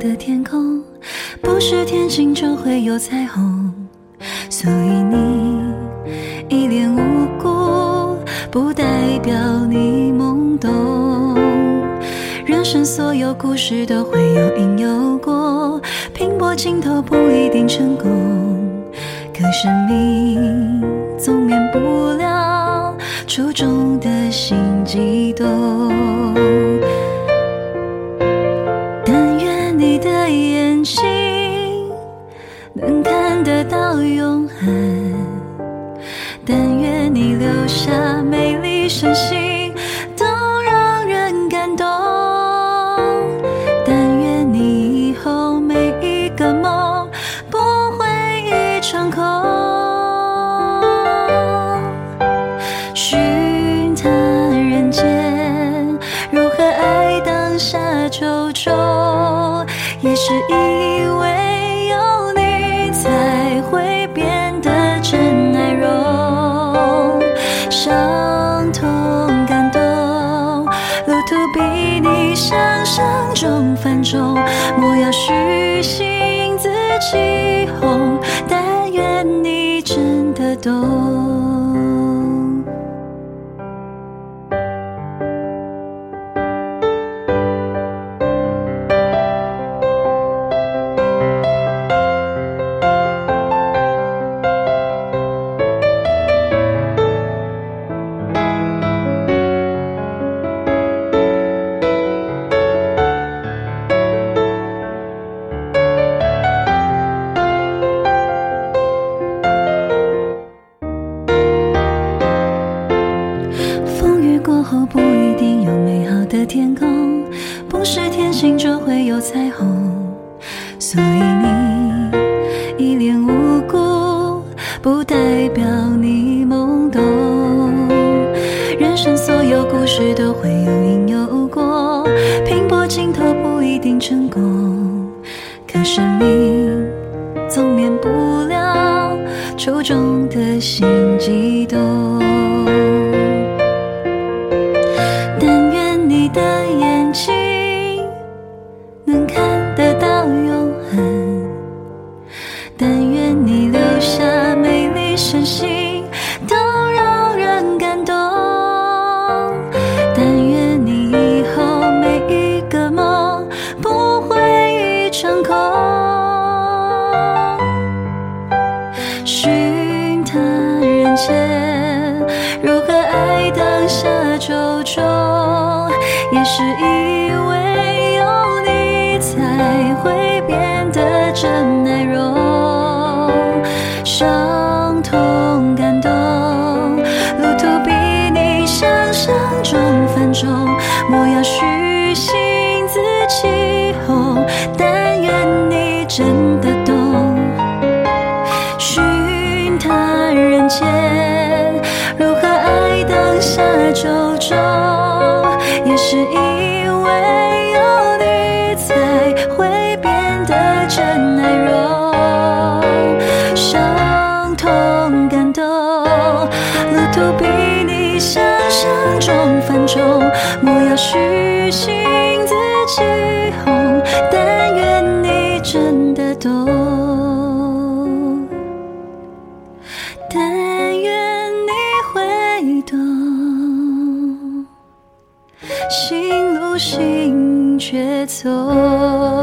的天空不是天晴就會有彩虹，所以你一臉無辜不代表你懵懂。人生所有故事都會有因有果，拼搏盡頭不一定成功，可生命總免不了初衷的心悸動。以為有你才會變得真愛融，容傷痛感動，路途比你想象中繁重，莫要虛心自欺哄，但願你真的懂。過後不一定有美好的天空，不是天晴就會有彩虹。所以你一臉無辜，不代表你懵懂。人生所有故事都會有因有果，拼搏盡頭不一定成功。可生命總免不了初衷的心悸動。如何愛當下救眾，也是因為有你才會。是因為有你，才會變得真愛融，傷痛感動，路途比你想象中繁重。莫要虛心自欺哄，但願你真的懂，但願你會懂。心路醒覺從。